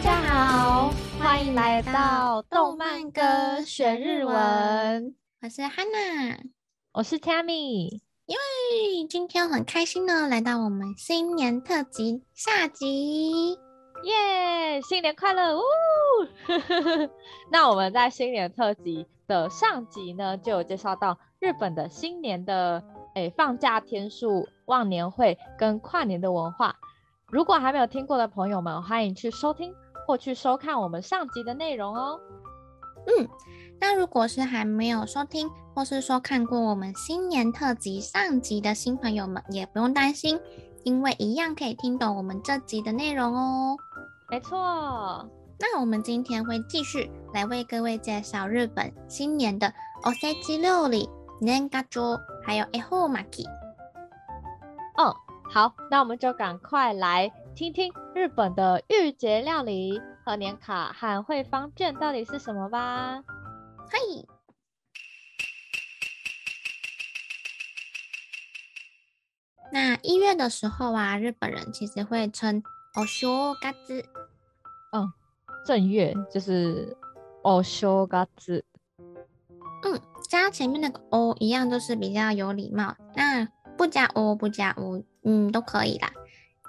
大家好，歡迎來到動漫歌學日文。我是 Hana，我是 Tammy。因為今天很開心呢，來到我們新年特輯下集，耶！Yeah, 新年快樂！嗚。 那我們在新年特輯的上集呢，就有介紹到日本的新年的誒放假天數、忘年會跟跨年的文化。如果還沒有聽過的朋友們，歡迎去收聽。過去收看我們上集的內容哦。嗯，那如果是還沒有收聽或是說看過我們新年特輯上集的新朋友們，也不用擔心，因為一樣可以聽懂我們這集的內容哦。沒錯，那我們今天會繼續來為各位介紹日本新年的おせち料理、年賀狀，還有えほうまき。哦，好，那我們就趕快來。聽聽日本的御節料理和賀年卡、和惠方卷到底是什麼吧。嗨，那一月的時候啊，日本人其實會稱オショガツ，おしが嗯，正月就是オショガツ，嗯，加前面那個オ一樣都是比較有禮貌，那不加オ不加ウ，嗯，都可以啦。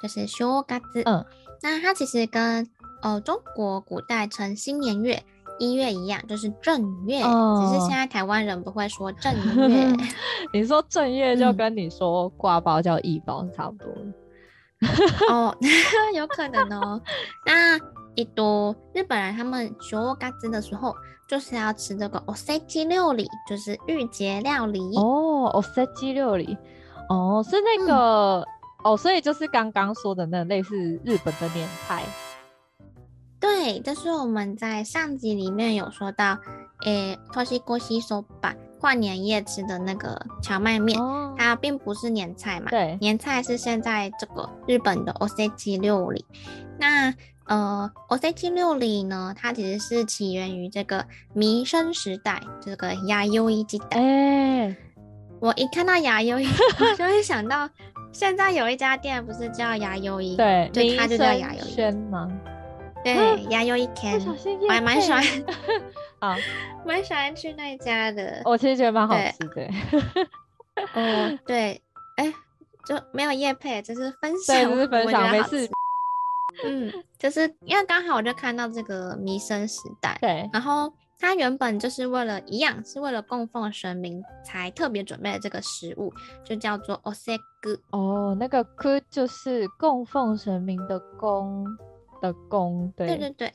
就是修嘎子，嗯、那它其實跟呃中國古代稱新年月一月一樣，就是正月，只是、嗯、現在台灣人不會說正月。嗯、你說正月就跟你說掛包叫一包差不多、嗯、 哦， 有可能哦。 那一多 日本人他們修嘎子的時候，就是要吃這個 Osechi 料理，就是御節料理。哦，Osechi 料理，哦，是那個、嗯。哦，oh, 所以就是剛剛說的那類似日本的年菜，對，就是我們在上集裡面有說到，誒、欸，としこしそば，跨年夜吃的那個蕎麥麵，哦，它並不是年菜嘛？對，年菜是現在這個日本的おせち料理。那呃，おせち料理呢，它其實是起源於這個彌生時代，這個雅優一時代。誒、欸，我一看到雅優一， 就會想到。 現在有一家店不是叫牙優一，對，就它就叫牙優一嗎？對，牙優一 c 我還蠻喜歡，啊，蠻喜歡去那一家的。我其實覺得蠻好吃的。嗯，對，哎，就沒有夜配，只是分享，對，只是分享，嗯，就是因為剛好我就看到這個迷生時代，對，然後。它原本就是為了一樣，是為了供奉神明才特別準備了這個食物，就叫做 osaku 哦，那個 gu 就是供奉神明的供的供，對，對對對，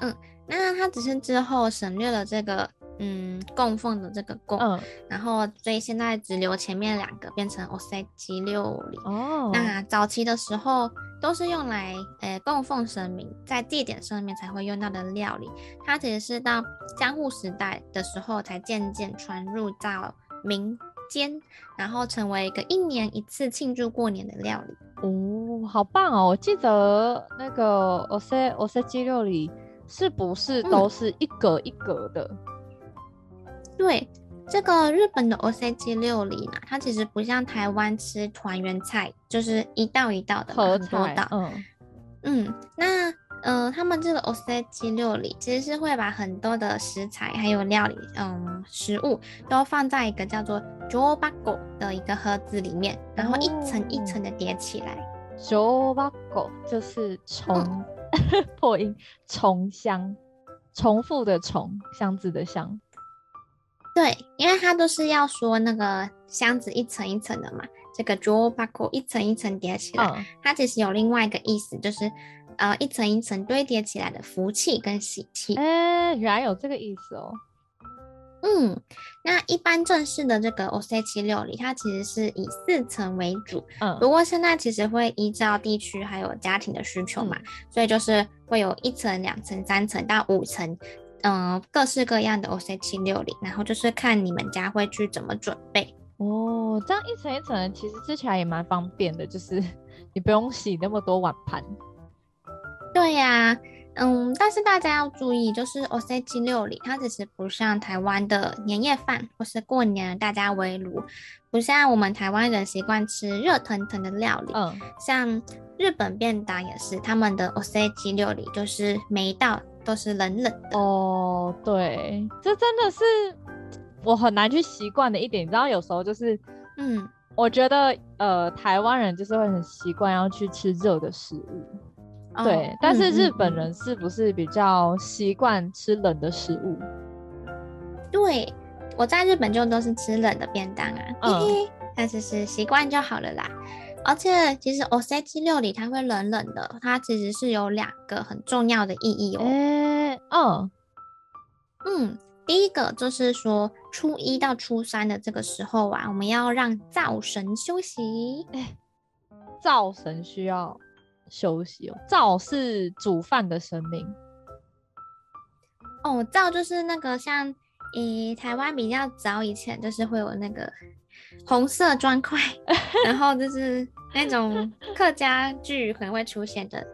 嗯，那它只是之後省略了這個。嗯，供奉的這個供，嗯、然後所以現在只留前面兩個，變成 osechi 料理。哦，那早期的時候都是用來，呃，供奉神明，在祭典上面才會用到的料理。它其實是到江戶時代的時候，才漸漸傳入到民間，然後成為一個一年一次慶祝過年的料理。哦，好棒哦！我記得那個 osechi 料理是不是都是一格一格的？嗯對，這個日本的 osechi 料理呢，它其實不像台灣吃團圓菜，就是一道一道的，一菜道嗯嗯，那呃，他們這個 osechi 料理其實是會把很多的食材還有料理，嗯，食物都放在一個叫做 jo bago 的一個盒子裡面，嗯、然後一層一層的疊起來。jo bago、嗯、就是重、嗯， 破音重箱，重複的重箱子的箱。對，因為它都是要說那個箱子一層一層的嘛，這個重箱一層一層疊起來，嗯、它其實有另外一個意思，就是呃一層一層堆疊起來的福氣跟喜氣。哎、欸，原來有這個意思哦。嗯，那一般正式的這個御節料理，它其實是以四層為主。嗯。不過現在其實會依照地區還有家庭的需求嘛，所以就是會有一層、兩層、三層到五層。嗯，各式各樣的おせち料理，然後就是看你們家會去怎麼準備哦。這樣一層一層的，其實吃起來也蠻方便的，就是你不用洗那麼多碗盤。對呀、啊，嗯，但是大家要注意，就是おせち料理它只是不像台灣的年夜飯或是過年大家圍爐，不像我們台灣人習慣吃熱騰騰的料理。嗯，像日本便當也是他們的おせち料理，就是每一道。都是冷冷的哦，oh, 對，這真的是我很難去習慣的一點。你知道，有時候就是，嗯，我覺得、嗯、呃，台灣人就是會很習慣要去吃熱的食物，oh, 對。但是日本人是不是比較習慣吃冷的食物，嗯嗯嗯？對，我在日本就都是吃冷的便當啊，嗯、但是是習慣就好了啦。而且，其實御節料理它會冷冷的，它其實是有兩個很重要的意義哦。欸、哦嗯，第一個就是說，初一到初三的這個時候啊，我們要讓灶神休息。欸、灶神需要休息哦，灶是煮飯的神明。哦，灶就是那個像，咦，台灣比較早以前就是會有那個紅色磚塊， 然後就是。 那種客家劇很會出現的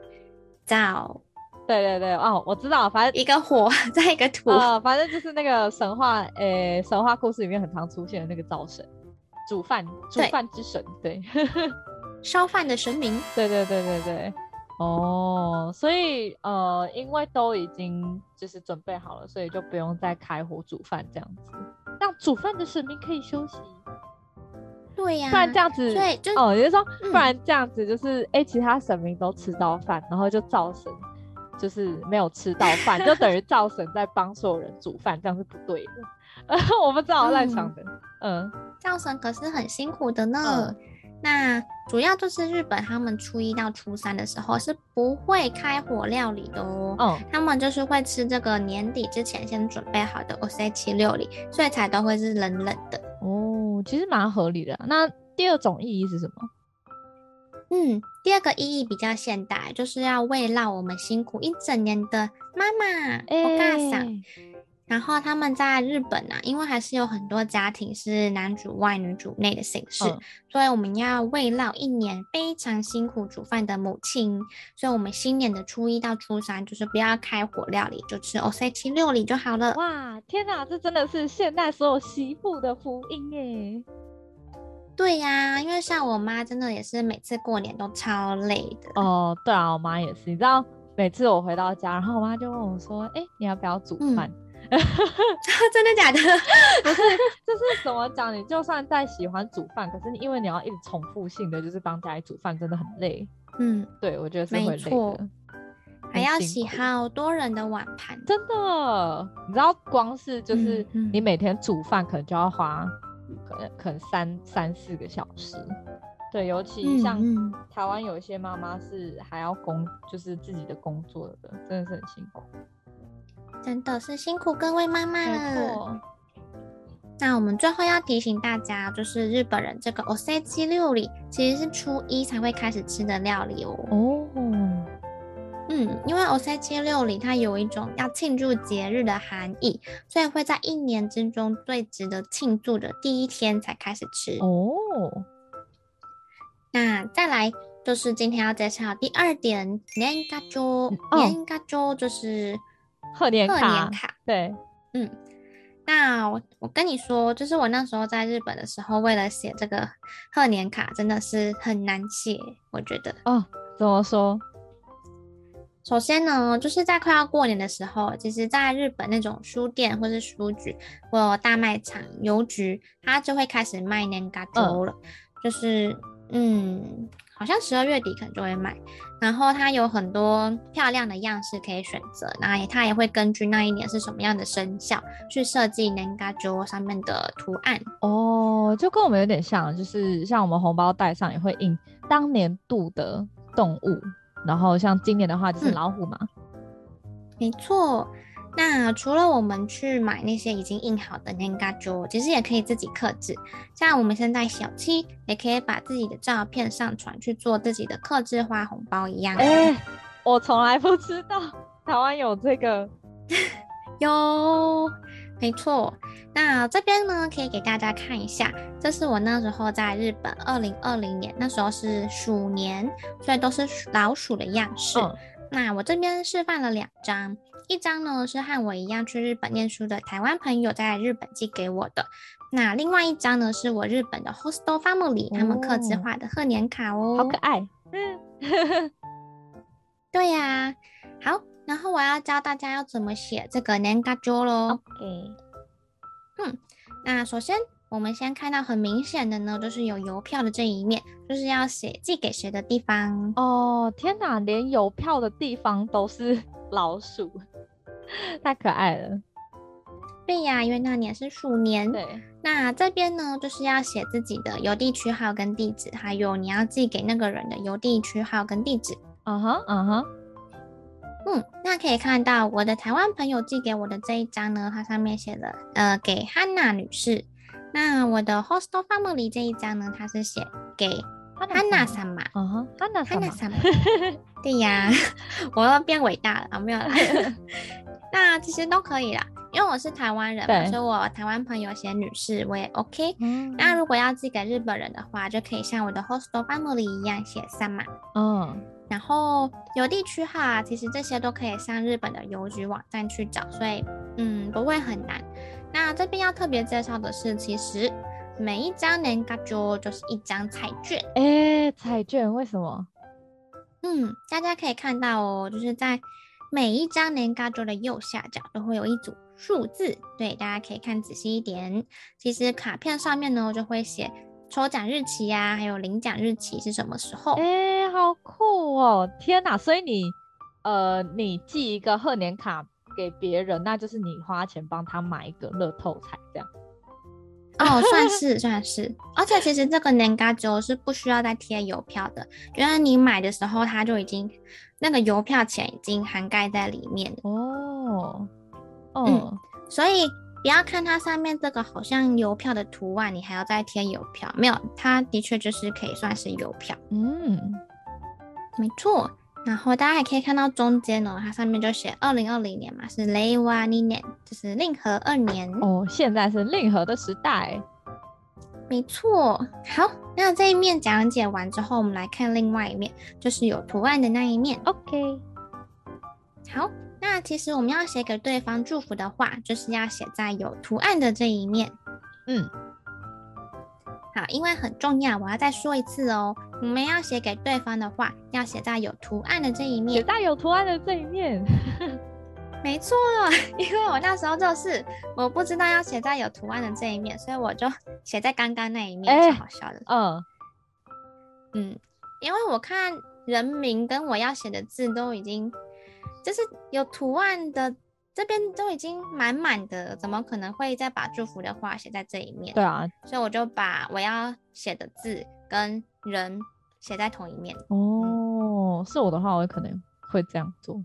灶。對對對，哦，我知道，反正一個火再一個土，呃，反正就是那個神話，誒、欸，神話故事裡面很常出現的那個灶神，煮飯煮飯之神，對，燒飯對 的神明，對對對對對，哦，所以呃，因為都已經就是準備好了，所以就不用再開火煮飯這樣子，讓煮飯的神明可以休息。對呀，不然這樣子，哦、嗯，也就是說，嗯、不然這樣子就是，哎、欸，其他神明都吃到飯，然後就灶神就是沒有吃到飯， 就等於灶神在幫所有人煮飯，這樣是不對的。呃 我不知道我在想的，嗯，灶、嗯、神可是很辛苦的呢。嗯、那主要就是日本他們初一到初三的時候是不會開火料理的哦，嗯、他們就是會吃這個年底之前先準備好的おせち料理，所以才都會是冷冷的。哦，其實蠻合理的啊。那第二種意義是什麼？嗯，第二個意義比較現代，就是要慰勞我們辛苦一整年的媽媽。我幹啥？然後他們在日本呢、啊，因為還是有很多家庭是男主外女主內的形式，嗯、所以我們要慰勞一年非常辛苦煮飯的母親，所以我們新年的初一到初三就是不要開火料理，就吃御節料理就好了。哇，天哪，這真的是現代所有媳婦的福音耶！對呀、啊，因為像我媽真的也是每次過年都超累的哦。對啊，我媽也是，你知道每次我回到家，然後我媽就問我說：“哎、嗯欸，你要不要煮飯？”嗯 真的假的？就是，這是怎麼講？你就算再喜歡煮飯，可是你因為你要一直重複性的就是幫家裡煮飯，真的很累。嗯，對，我覺得是會累的，沒錯，很辛苦，還要洗好多人的碗盤。真的，你知道光是就是你每天煮飯，可能就要花可能可能三三四個小時。對，尤其像台灣有一些媽媽是還要工，就是自己的工作的，真的是很辛苦。真的是辛苦各位媽媽了。哦、那我們最後要提醒大家，就是日本人這個おせち料理其實是初一才會開始吃的料理哦。哦，嗯，因為おせち料理它有一種要慶祝節日的含義，所以會在一年之中最值得慶祝的第一天才開始吃哦。那再來就是今天要介紹第二點年賀狀，年賀狀、哦、就是。賀年卡，賀年卡對，嗯，那我我跟你說，就是我那時候在日本的時候，為了寫這個賀年卡，真的是很難寫，我覺得哦，怎麼說？首先呢，就是在快要過年的時候，其實，在日本那種書店或是書局或大賣場、郵局，它就會開始賣年糕了，嗯、就是嗯。好像十二月底可能就會買，然後它有很多漂亮的樣式可以選擇，然後也它也會根據那一年是什麼樣的生肖去設計年賀狀上面的圖案哦，就跟我們有點像，就是像我們紅包袋上也會印當年度的動物，然後像今年的話就是老虎嘛，嗯，沒錯。那除了我們去買那些已經印好的年賀狀，其實也可以自己客製。像我們現在小七，也可以把自己的照片上傳去做自己的客製花紅包一樣、哦。哎、欸，我從來不知道台灣有這個喲， 沒錯。那這邊呢，可以給大家看一下，這是我那時候在日本，二零二零年那時候是鼠年，所以都是老鼠的樣式。嗯那我這邊示範了兩張，一張呢是和我一樣去日本念書的台灣朋友在日本寄給我的，那另外一張呢是我日本的 hostel family，哦，他們客製化的賀年卡哦，好可愛，嗯， 對呀，啊，好，然後我要教大家要怎麼寫這個年賀狀咯 o Okay . k 嗯，那首先。我們先看到很明顯的呢，就是有郵票的這一面，就是要寫寄給誰的地方哦。Oh, 天哪，連郵票的地方都是老鼠， 太可愛了。對呀、啊，因為那年是鼠年。對，那這邊呢，就是要寫自己的郵遞區號跟地址，還有你要寄給那個人的郵遞區號跟地址。嗯哼、uh，嗯、huh, 哼、uh，huh. 嗯，那可以看到我的台灣朋友寄給我的這一張呢，它上面寫了呃，給 Hana 女士。那我的 host family 這一張呢，它是寫給 Hana 様。哦、啊，Hana 様。對呀，我要變偉大了，我沒有啦。 那其實都可以啦，因為我是台灣人嘛，對所以我台灣朋友寫女士我也 OK 嗯嗯。那如果要寄給日本人的話，就可以像我的 host family 一樣寫様。嗯。然後郵遞區號哈，其實這些都可以上日本的郵局網站去找，所以嗯不會很難。那這邊要特別介紹的是，其實每一張年賀狀就就是一張彩券。哎、欸，彩券為什麼？嗯，大家可以看到哦，就是在每一張年賀狀的右下角都會有一組數字。對，大家可以看仔細一點。其實卡片上面呢就會寫。抽獎日期呀、啊，還有領獎日期是什麼時候？誒、欸、好酷哦！天哪、啊，所以你，呃，你寄一個賀年卡給別人，那就是你花錢幫他買一個樂透彩，這樣？哦， 算是算是。而且其實這個年卡就是不需要再貼郵票的，原來你買的時候它就已經那個郵票錢已經涵蓋在裡面哦，哦，嗯、所以。不要看它上面這個好像郵票的圖案，你還要再貼郵票？沒有，它的確就是可以算是郵票。嗯，沒錯。然後大家還可以看到中間哦，它上面就寫二零二零年嘛，是 Leiwa Ninen，就是令和二年。哦，現在是令和的時代。沒錯。好，那這一面講解完之後，我們來看另外一面，就是有圖案的那一面。OK，好。那其實我們要寫給對方祝福的話，就是要寫在有圖案的這一面。嗯，好，因為很重要，我要再說一次哦。我們要寫給對方的話，要寫在有圖案的這一面。寫在有圖案的這一面。 沒錯，因為我那時候就是我不知道要寫在有圖案的這一面，所以我就寫在剛剛那一面，就好笑了。嗯、欸哦、嗯，因為我看人名跟我要寫的字都已經。就是有圖案的這邊都已經滿滿的，怎麼可能會再把祝福的話寫在這一面？對啊，所以我就把我要寫的字跟人寫在同一面。哦，是我的話，我可能會這樣做。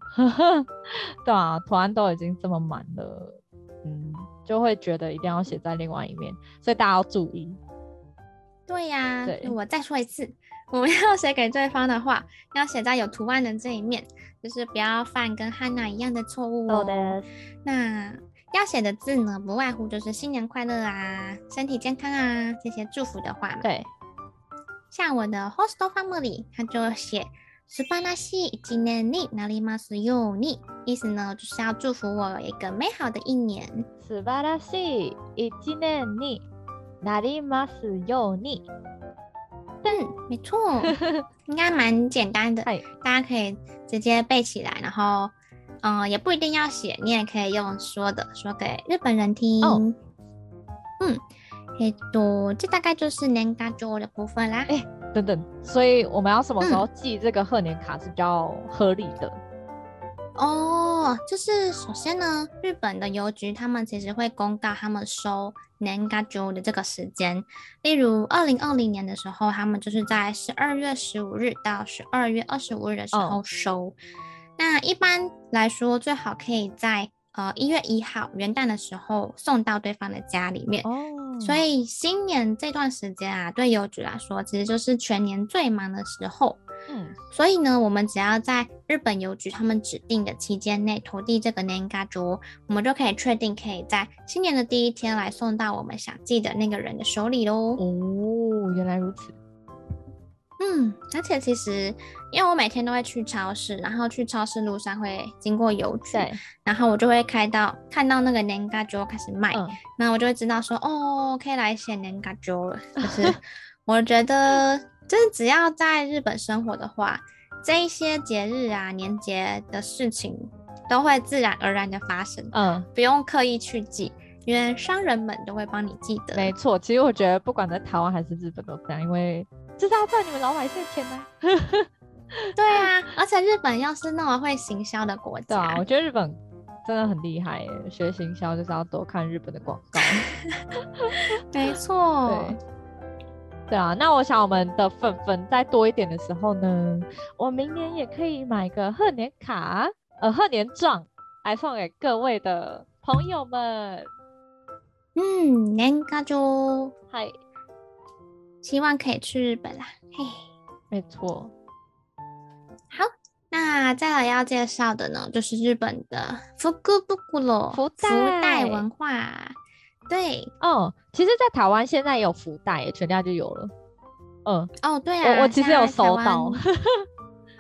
對啊，圖案都已經這麼滿了，嗯，就會覺得一定要寫在另外一面，所以大家要注意。對呀、啊，對，我再說一次。我們要寫給對方的話，要寫在有圖案的這一面，就是不要犯跟漢娜一樣的錯誤，哦。好的，那要寫的字呢，不外乎就是新年快樂啊，身體健康啊這些祝福的話嘛。對，像我的 host family，他就寫素晴らしい一年になりますように，對意思呢就是要祝福我有一個美好的一年。素晴らしい一年になりますように。嗯，沒錯， 應該蠻簡單的， 大家可以直接背起來，然後，嗯、呃，也不一定要寫，你也可以用說的，說給日本人聽。哦，嗯，很、欸、多，這大概就是年糕節的部分啦。哎、欸，等等，所以我們要什麼時候記這個賀年卡是比較合理的？嗯、哦。哦、就是首先呢，日本的郵局他們其實會公告他們收年 e n 的這個時間，例如二零二零年的時候，他們就是在十二月十五日到十二月二十五日的時候收。哦、那一般來說，最好可以在呃一月一號元旦的時候送到對方的家裡面。哦，所以新年這段時間啊，對郵局來說，其實就是全年最忙的時候。嗯， 所以呢，我們只要在日本郵局他們指定的期間內投遞這個年賀狀，我們就可以確定可以在新年的第一天來送到我們想寄的那個人的手裡嘍。哦，原來如此。嗯，而且其實，因為我每天都會去超市，然後去超市路上會經過郵局，對然後我就會開到看到那個年賀狀開始賣，嗯、那我就會知道說，哦，可以來寫年賀狀了。 就是我覺得。就是只要在日本生活的話，這一些節日啊，年節的事情都會自然而然的發生，嗯，不用刻意去記，因為商人們都會幫你記得。沒錯，其實我覺得不管在台灣還是日本都這樣，因為這是要賺你們老百姓錢呢，啊， 對啊， 而且日本又是那麼會行銷的國家。對啊，我覺得日本真的很厲害耶，學行銷就是要多看日本的廣告。 沒錯錯。對。對啊，那我想我們的粉粉再多一點的時候呢，我明年也可以買個賀年卡，呃，賀年狀來送給各位的朋友們。嗯，年糕豬，嗨嘿，希望可以去日本啦。嘿，沒錯。好，那再來要介紹的呢，就是日本的福袋福袋，福袋,福袋文化。對哦、嗯，其實，在台灣現在也有福袋耶，全家就有了。嗯，哦，對啊，我，我其實有在在收到。啊、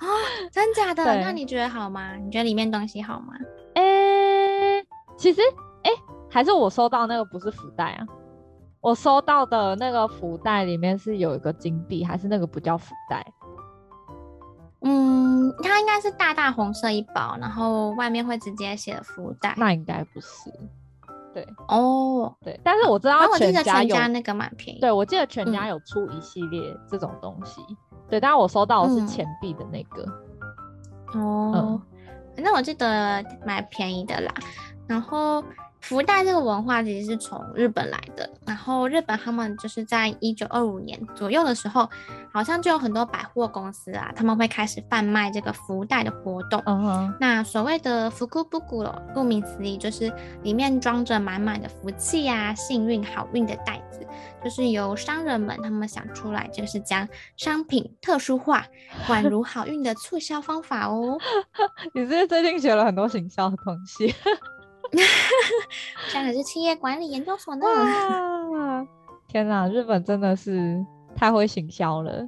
哦，真假的？對那你覺得好嗎？你覺得裡面東西好嗎？欸、其實、欸，還是我收到那個不是福袋啊。我收到的那個福袋裡面是有一個金幣，還是那個不叫福袋？嗯，它應該是大大紅色一包，然後外面會直接寫福袋。那應該不是。對哦，oh. 對，但是我知道全家有、啊、那我記得全家那個蠻便宜。對，我記得全家有出一系列這種東西。嗯、對，但我收到的是錢幣的那個。哦，反正我記得蠻便宜的啦。然後。福袋這個文化其實是從日本來的，然後日本他們就是在一九二五年左右的時候，好像就有很多百貨公司啊，他們會開始販賣這個福袋的活動。Uh huh. 那所謂的福庫布咕嘍，uro, 顧名思義就是裡面裝着滿滿的福氣呀、啊、幸運、好運的袋子，就是由商人們他們想出來，就是將商品特殊化，宛如好運的促銷方法哦。 你是不是最近學了很多行銷的東西。 這可 是企業管理研究所呢！天哪，啊，日本真的是太會行銷了。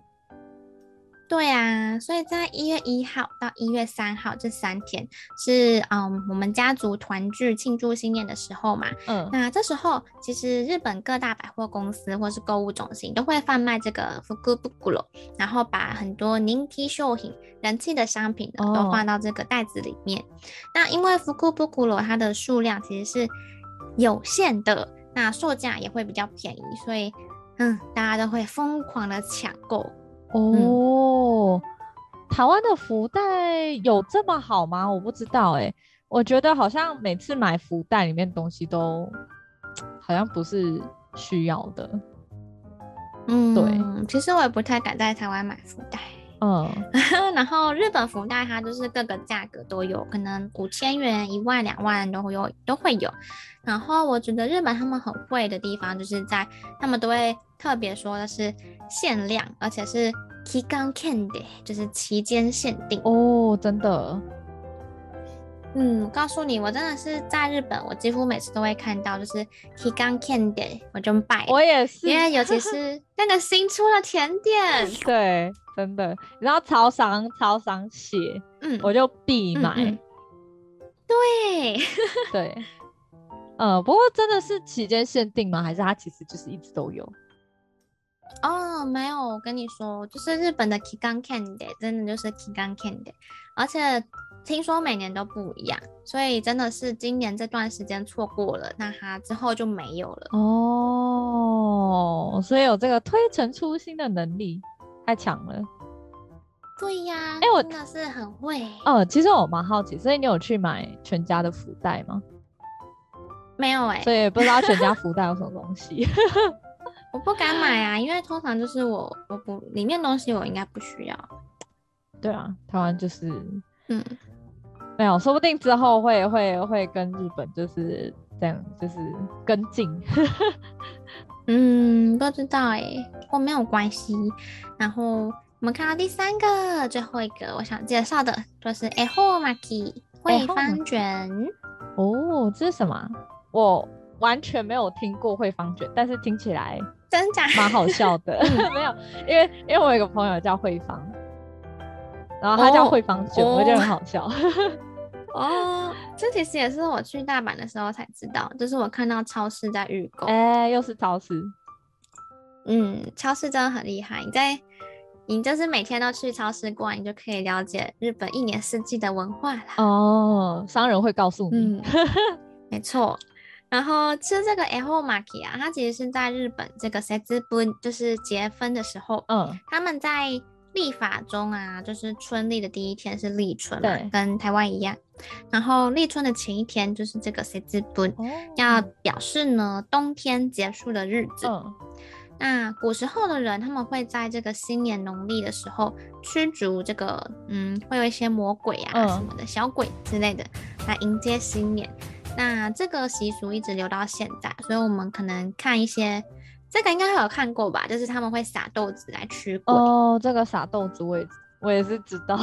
對啊，所以在一月一號到一月三號這三天是，嗯，我們家族團聚慶祝新年的時候嘛。嗯。那這時候其實日本各大百貨公司或是購物中心都會販賣這個福庫布庫羅，然後把很多人氣商品，人氣的商品呢都放到這個袋子裡面。哦、那因為福庫布庫羅它的數量其實是有限的，那售價也會比較便宜，所以嗯大家都會瘋狂的搶購。哦，嗯、台灣的福袋有這麼好嗎？我不知道哎、欸，我覺得好像每次買福袋裡面東西都好像不是需要的。嗯，對，其實我也不太敢在台灣買福袋。哦， 然後日本福袋它就是各個價格都有，可能五千元、一萬、兩萬都會有，都會有。然後我覺得日本他們很貴的地方，就是在他們都會特別說的是限量，而且是期間限定，就是期間限定。哦，oh, 真的。嗯，我告訴你，我真的是在日本，我幾乎每次都會看到，就是期間限定，我就敗。我也是， 因為尤其是那個新出的甜點， 對。真的，你知道超商超商寫，嗯，我就必買。對、嗯嗯、對，嗯、 呃，不過真的是期間限定嗎？還是它其實就是一直都有？哦，沒有，我跟你說，就是日本的期間限定，真的就是期間限定。而且聽說每年都不一樣，所以真的是今年這段時間錯過了，那它之後就沒有了。哦，所以有這個推陳出新的能力。太強了，對呀、啊，哎、欸我，我真的是很會。哦，其實我蠻好奇，所以你有去買全家的福袋嗎？沒有哎、欸，所以不知道全家福袋有什麼東西。 我不敢買啊，因為通常就是我我不裡面東西我應該不需要。對啊，台灣就是嗯沒有，說不定之後會會會跟日本就是這樣，就是跟進。 不知道哎、欸，或、哦、沒有關係。然後我們看到第三個，最後一個我想介紹的，就是 Ehōmaki 惠方卷哦，oh, 這是什麼？我完全沒有聽過惠方卷，但是聽起來真的假的，蠻好笑的。沒有，因為因為我有一個朋友叫惠方，然後他叫惠方卷，oh, 我就很好笑。哦 ，oh, 這其實也是我去大阪的時候才知道，就是我看到超市在預購，哎，又是超市。嗯，超市真的很厲害。你在，你就是每天都去超市逛，你就可以了解日本一年四季的文化了。哦，商人會告訴你。 嗯，沒錯。然後吃這個 L h o m a k i 啊，它其實是在日本這個節分，就是結分的時候。嗯。他們在立法中啊，就是春曆的第一天是立春對，跟台灣一樣。然後立春的前一天就是這個節分，哦、要表示呢冬天結束的日子。嗯那古時候的人，他們會在這個新年農曆的時候驅逐這個，嗯，會有一些魔鬼啊什麼的、嗯、小鬼之類的來迎接新年。那這個習俗一直留到現在，所以我們可能看一些，這個應該會有看過吧，就是他們會撒豆子來驅鬼。哦，這個撒豆子我也我也是知道。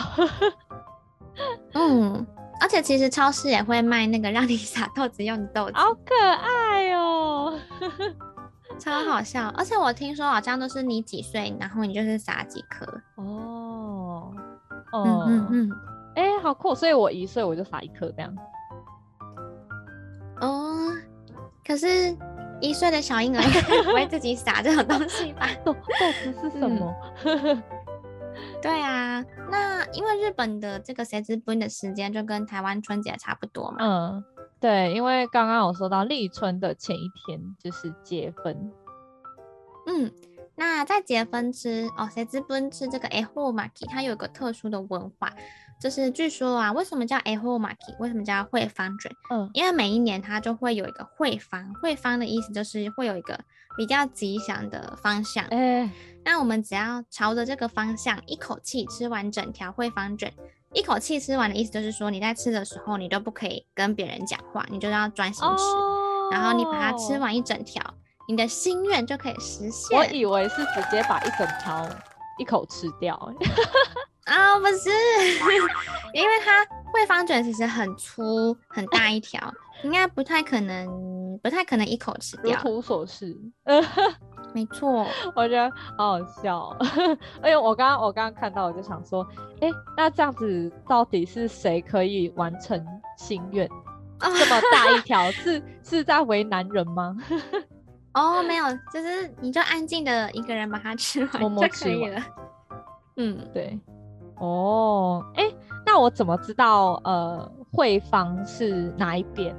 嗯，而且其實超市也會賣那個讓你撒豆子用的豆子。好可愛哦。 超好笑，而且我聽說好像都是你幾歲，然後你就是撒幾顆哦哦嗯嗯哎、欸，好酷，所以我一歲我就撒一顆這樣。哦，可是，一歲的小嬰兒會，不會自己撒這種東西，吧？哦，不是什麼、嗯？對啊，那因為日本的這個節日過的時間就跟台灣春節差不多嘛。嗯。對，因為剛剛有說到立春的前一天就是節分。嗯，那在節分吃，哦，誰知不知這個えほうまき，它有一個特殊的文化，就是據說啊，為什麼叫えほうまき？為什麼叫惠方卷？嗯，因為每一年它就會有一個惠方，惠方的意思就是會有一個比較吉祥的方向。哎唉，那我們只要朝着這個方向，一口氣吃完整條惠方卷。一口氣吃完的意思就是說，你在吃的時候你都不可以跟別人講話，你就要專心吃，oh、然後你把它吃完一整條，你的心願就可以實現。我以為是直接把一整條一口吃掉，欸，啊 ，oh, 不是， 因為它惠方卷其實很粗很大一條， 應該不太可能，不太可能一口吃掉。如圖所示。 沒錯，我覺得好好笑，哦，因 為我剛剛我剛剛看到，我就想說，哎，欸，那這樣子到底是誰可以完成心願？Oh. 這麼大一條， 是是在為難人嗎？哦 ，oh, 沒有，就是你就安靜的一個人把它吃完就可以了。摸摸嗯，對。哦，哎，那我怎麼知道呃，惠方是哪一邊？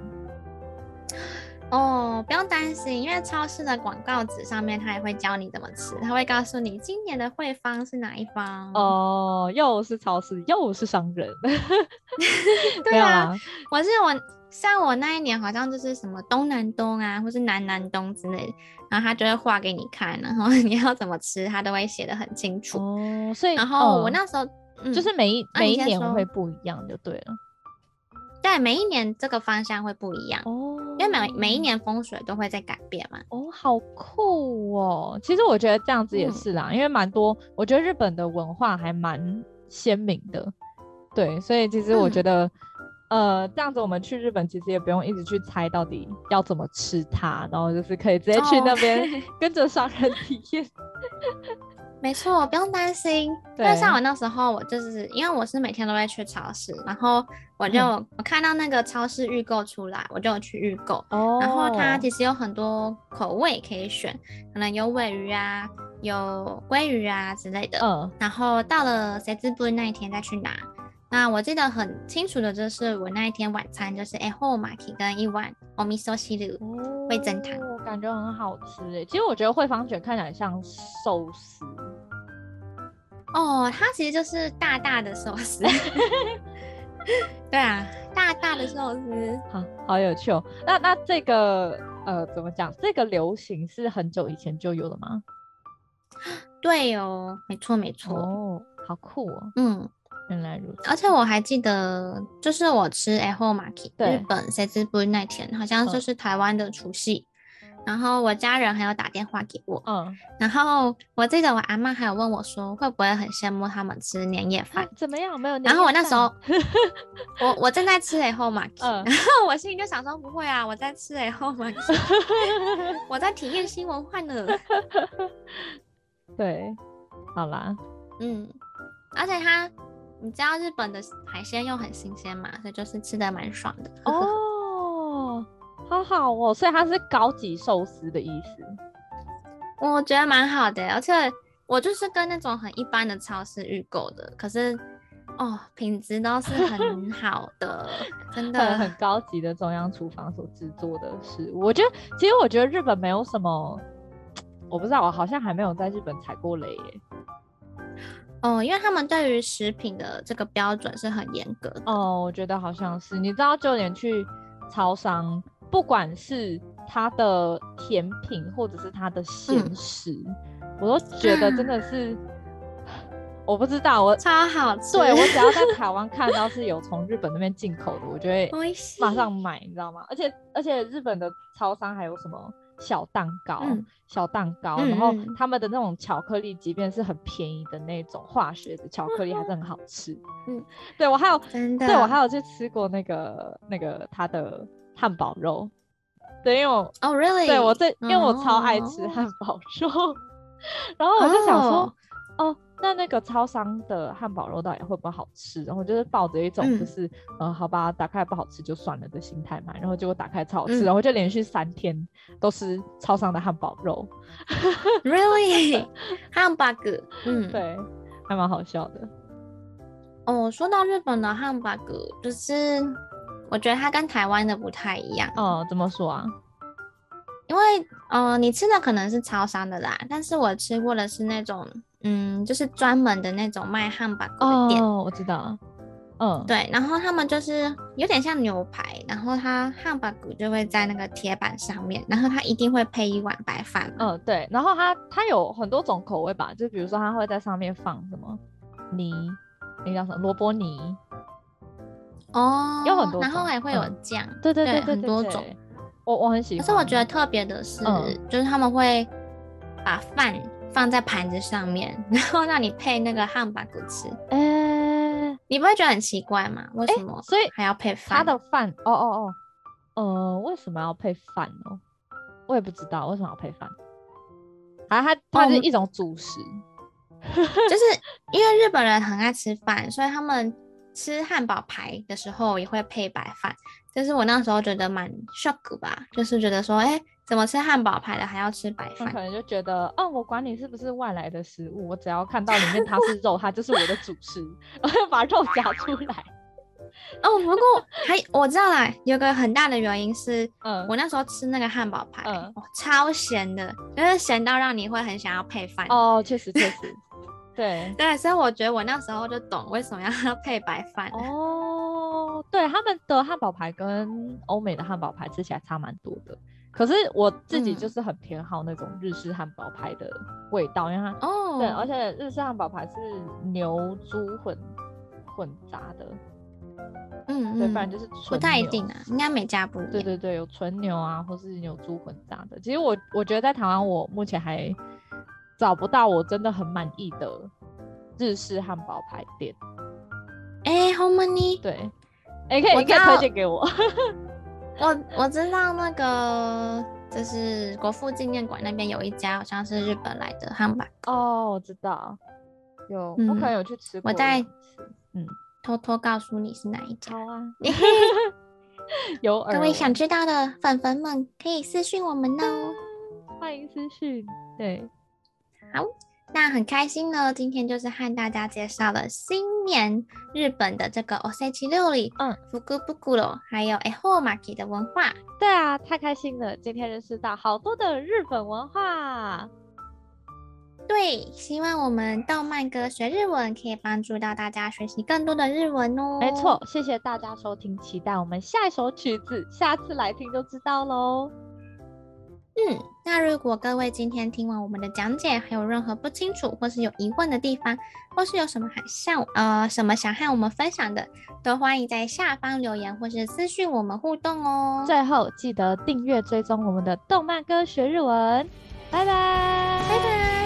哦，不用擔心，因為超市的廣告紙上面他也會教你怎麼吃，他會告訴你今年的惠方是哪一方。哦，又是超市，又是商人。 對啊，我是我，像我那一年好像就是什麼東南東啊，或是南南東之類，嗯、然後他就會畫給你看，然後你要怎麼吃，他都會寫的很清楚。哦，所以然後我那時候、嗯、就是每一每一年會不一樣，就對了。但每一年這個方向會不一樣哦，因為每每一年風水都會在改變嘛。哦，好酷哦！其實我覺得這樣子也是啦，嗯、因為蠻多，我覺得日本的文化還蠻鮮明的。對，所以其實我覺得，嗯、呃，這樣子我們去日本其實也不用一直去猜到底要怎麼吃它，然後就是可以直接去那邊跟着商人體驗。哦 okay 沒錯，不用擔心，因為像我那時候，我就是因為我是每天都會去超市，然後我就、嗯、我看到那個超市預購出來，我就去預購，哦、然後它其實有很多口味可以選，可能有鮪魚啊，有鮭魚啊之類的，嗯、然後到了節分那一天再去拿。那我記得很清楚的就是我那一天晚餐就是哎，惠方卷跟一碗 omisoshiru 味噌湯，我感覺很好吃誒。其實我覺得惠方卷看起來像壽司，哦，它其實就是大大的壽司， 對啊，大大的壽司，好好有趣哦。那那這個呃，怎麼講？這個流行是很久以前就有的嗎？對哦，沒錯沒錯哦，好酷哦，嗯。原來如此，而且我還記得，就是我吃惠方卷對日本節分那天，好像就是台灣的除夕，oh. 然後我家人還有打電話給我，嗯，oh. 然後我記得我阿嬤還有問我，說會不會很羨慕他們吃年夜飯？啊、怎麼樣？沒有？然後我那時候， 我我正在吃惠方卷，oh. 然後我心裡就想說，不會啊，我在吃惠方卷， 我在體驗新文化呢。 對，好啦，嗯，而且他。你知道日本的海鮮又很新鮮嘛？所以就是吃得蠻爽的哦，oh, 呵呵好好哦，所以它是高級壽司的意思。我覺得蠻好的，而且我就是跟那種很一般的超市預購的，可是哦，品質都是很好的， 真的很高級的中央廚房所制作的食物。我覺得，其實我覺得日本沒有什麼，我不知道，我好像還沒有在日本踩過雷耶。哦，因為他們對於食品的這個標準是很嚴格的。哦，我覺得好像是，你知道，就連去超商，不管是他的甜品或者是他的鹹食，嗯、我都覺得真的是，嗯、我不知道，我超好吃，吃。對，我只要在台灣看到是有從日本那邊進口的， 我就會馬上買，你知道嗎？而且而且日本的超商還有什麼？小蛋糕，嗯、小蛋糕，嗯、然後他們的那種巧克力，即便是很便宜的那種化學的巧克力，還是很好吃。嗯、嗯，對我還有，真的。對我還有去吃過那個那個他的漢堡肉，對，因為我哦、oh, really?，對，我最，因為我超愛吃漢堡肉，uh huh. 然後我就想說，oh. 哦。那那個超商的漢堡肉到底會不會好吃？然後就是抱着一種就是，嗯、呃，好吧，打開不好吃就算了的心態嘛。然後結果打開超好吃，嗯、然後就連續三天都吃超商的漢堡肉。 Really？漢堡？嗯，對，還蠻好笑的。哦，說到日本的漢堡，就是我覺得它跟台灣的不太一樣。哦，怎麼說啊？因為，嗯、呃，你吃的可能是超商的啦，但是我吃過的是那種。嗯，就是專門的那種賣漢堡的店，哦，我知道，嗯，對，然後他們就是有點像牛排，然後它漢堡骨就會在那個鐵板上面，然後它一定會配一碗白飯，嗯，對，然後它它有很多種口味吧，就比如說它會在上面放什麼泥，那叫什麼蘿蔔泥，哦，有很多，然後還會有醬，嗯、對對對,對,對,對,對,對，很多種，對對對我我很喜歡，可是我覺得特別的是，嗯、就是他們會把飯。放在盤子上面，然後讓你配那個漢堡排吃。嗯、呃，你不會覺得很奇怪嗎？為什麼？所以還要配飯？他的飯？哦哦哦，呃，為什麼要配飯呢？我也不知道為什麼要配飯。還它它是一種主食，就是因為日本人很愛吃飯， 所以他們吃漢堡排的時候也會配白飯。就是我那時候覺得蠻 shock 吧，就是覺得說，哎。怎麼吃漢堡排的，還要吃白飯？嗯，可能就覺得，哦，我管你是不是外來的食物，我只要看到裡面它是肉， 它就是我的主食，我要把肉夾出來。哦，不過還我知道啦，有個很大的原因是，嗯，我那時候吃那個漢堡排，嗯，哦，超鹹的，就是鹹到讓你會很想要配飯。哦，確實確實，對對，所以我覺得我那時候就懂為什麼要配白飯。哦，對，他們的漢堡排跟歐美的漢堡排吃起來差蠻多的。可是我自己就是很偏好那種日式漢堡排的味道，嗯、因為它哦，對，而且日式漢堡排是牛豬混混雜的，嗯，嗯對，不然就是牛不太一定啊，應該每家不對對對，有純牛啊，或是牛豬混雜的。其實我我覺得在台灣，我目前還找不到我真的很滿意的日式漢堡排店。哎、欸，好嘛你，對，哎、欸，可以你可以推薦給我。我 我我知道那個就是國父紀念館那邊有一家好像是日本來的漢堡哦，我知道，有，嗯、我可能有去吃過。我在，嗯，偷偷告訴你是哪一家啊？有，各位想知道的粉粉們可以私信我們哦，嗯、歡迎私信，對，好。那很開心呢，今天就是和大家介紹了新年日本的這個おせち料理、嗯，福袋，還有えほうまき的文化。對啊，太開心了！今天認識到好多的日本文化。對，希望我們動漫歌學日文可以幫助到大家學習更多的日文哦。沒錯，謝謝大家收聽，期待我們下一首曲子，下次來聽就知道嘍。嗯，那如果各位今天聽完我們的講解，還有任何不清楚或是有疑問的地方，或是有什麼還想呃什麼想和我們分享的，都歡迎在下方留言或是私訊我們互動哦。最後記得訂閱追蹤我們的動漫歌學日文，拜拜拜拜。